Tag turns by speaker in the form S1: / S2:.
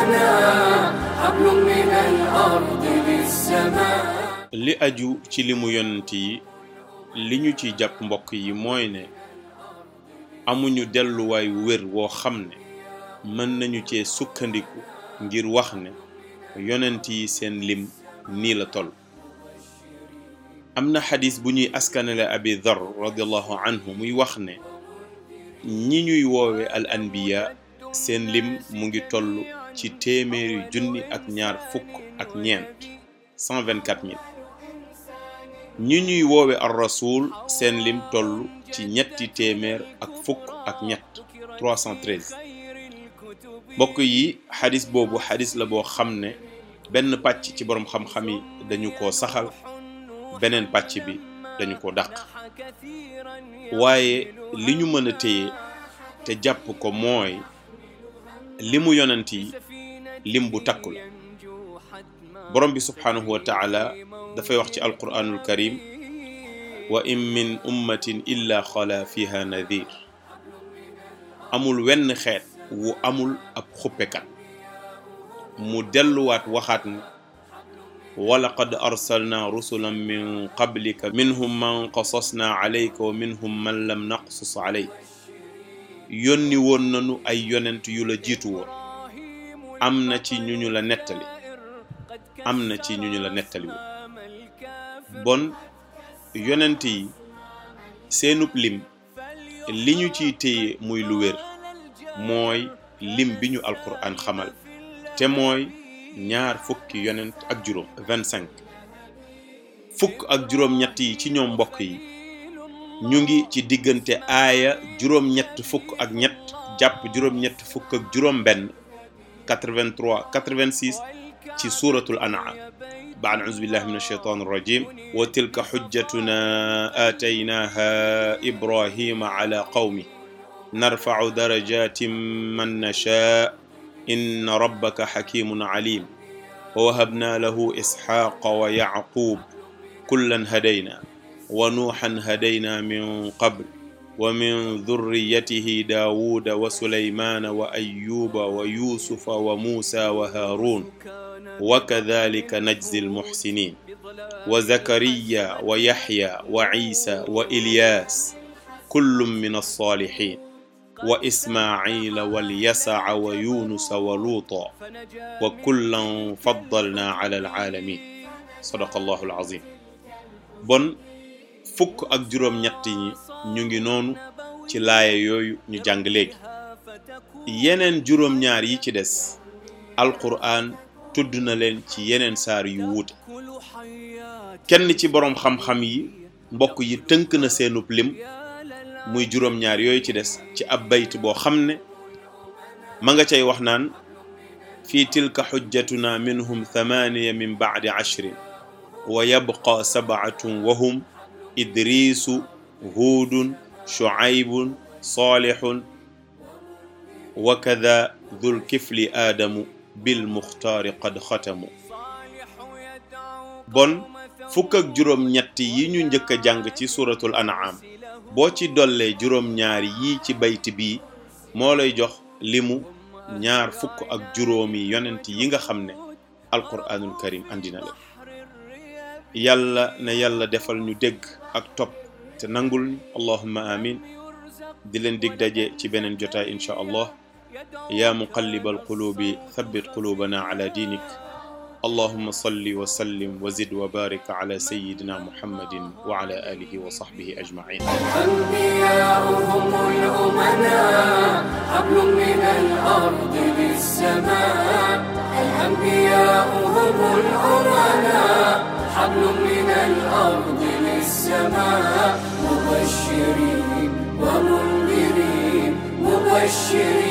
S1: لنا حبل من li aju ci li yonent yi li ñu ci jàpp mbokk yi mooy ne amuñu delluwaay wér woo xam ne mën nañu cee sukkandiku ngir wax ne yonent yi seen lim nii la toll am na xadis bu ñuy askanale abi dhar radiallahu anhu muy wax ne ñi ñuy woowe al anbiya seen lim mu ngi toll ci téeméeri ak ñaar fukk ak ñeent cent vingt quatre mille ñi ñuy woowe ar rasul seen lim toll ci ñetti téeméer ak fukk ak ñett trois cent mbokk yi xadis boobu xadis la boo xam ne benn pàcc ci boroom xam-xam yi dañu ko saxal beneen pàcc bi dañu ko dàq waaye li ñu mën a téye te jàpp ko mooy limu mu yonent yi lim bu takku la borom bi subhaanahu wa taala dafay wax ci alquranul karim wa in min ummatin illa xala fiha nadir amul wenn xeet wu amul ab xuppekat mu delluwaat waxaat ni walaqad arsalna rusulan min qablika minhum man qasasna alayka wa minhum man lam naqsus alayk yónni woon nanu ay yonent yu la jiitu woon am na ci ñu ñu la nettali am na ci ñu ñu la nettaliwul bon yonent yi seenub lim li ñu ciy téye muy lu wér mooy lim bi ñu alquran xamal te mooy ñaar fukki yonent ak juróom fukk ak juróom ñett yi ci ñoom mbokk yi ñu ngi ci diggante aaya juróom ñett fukk ak ñett jàpp juróom ñett fukk ak juróom benn 83 86 ci suratul an'am ba'd a'uuzu billahi min ashaytaani rajim wa tilka xujjatuna aataynaha ibrahima ala qawmi narfa'u darajatin man nashaa inna rabbaka xakimun alim wa wahabna lahu isxaaqa wa yacquub kullan hadayna wa nuuxan hadayna min qabl wa min dhurriyatihi daawuda wa suleymaana wa ayyuba wa yuusufa wa muusa wa haaruun wa kadhalika najzi almuhsinin wa zakariya wa yaxya wa ciisa wa ilyaas kullum min alsalihin wa ismaila walyasaca wa yunusa wa luuta wa kullan faddalna ala alaalamin sadaqa allahu alazim bon fukk ak juróom-ñett yi ñu ngi noonu ci laaya yooyu ñu jàng léegi yeneen juróom-ñaar yi ci des alquran tudd na leen ci yeneen saar yu wuute kenn ci boroom xam-xam yi mbokk yi tënk na seenub lim muy juróom-ñaar yooyu ci des ci ab bayt boo xam ne ma nga cay wax naan fii tilka xujjatuna minhum thamaaniya min baadi ashrin wa yabqa sabaatun wa hum idrisu huudun shuaybun salihun wa kada dhul kifli aadamu bil muxtaari qad xatamu bon fukk ak juróom-ñett yi ñu njëkk a jàng ci suratul an'am boo ci dollee juróom-ñaar yii ci bayt bi moo lay jox limu ñaar fukk ak juróomi yonent yi nga xam ne alquraanul karim yàlla na yàlla defal ñu dégg ak topp te nangul allahumma amin di leen dig daje ci beneen jotaay incha allah yaa muqallibal quluubi thabbit quluubana ala diinik allahumma salli wa sallim wa zid wa barik ala sayyidina muhammadin wa ala alihi wa sahbihi ajmain من الأرض للسماء مبشرين ومنذرين مبشرين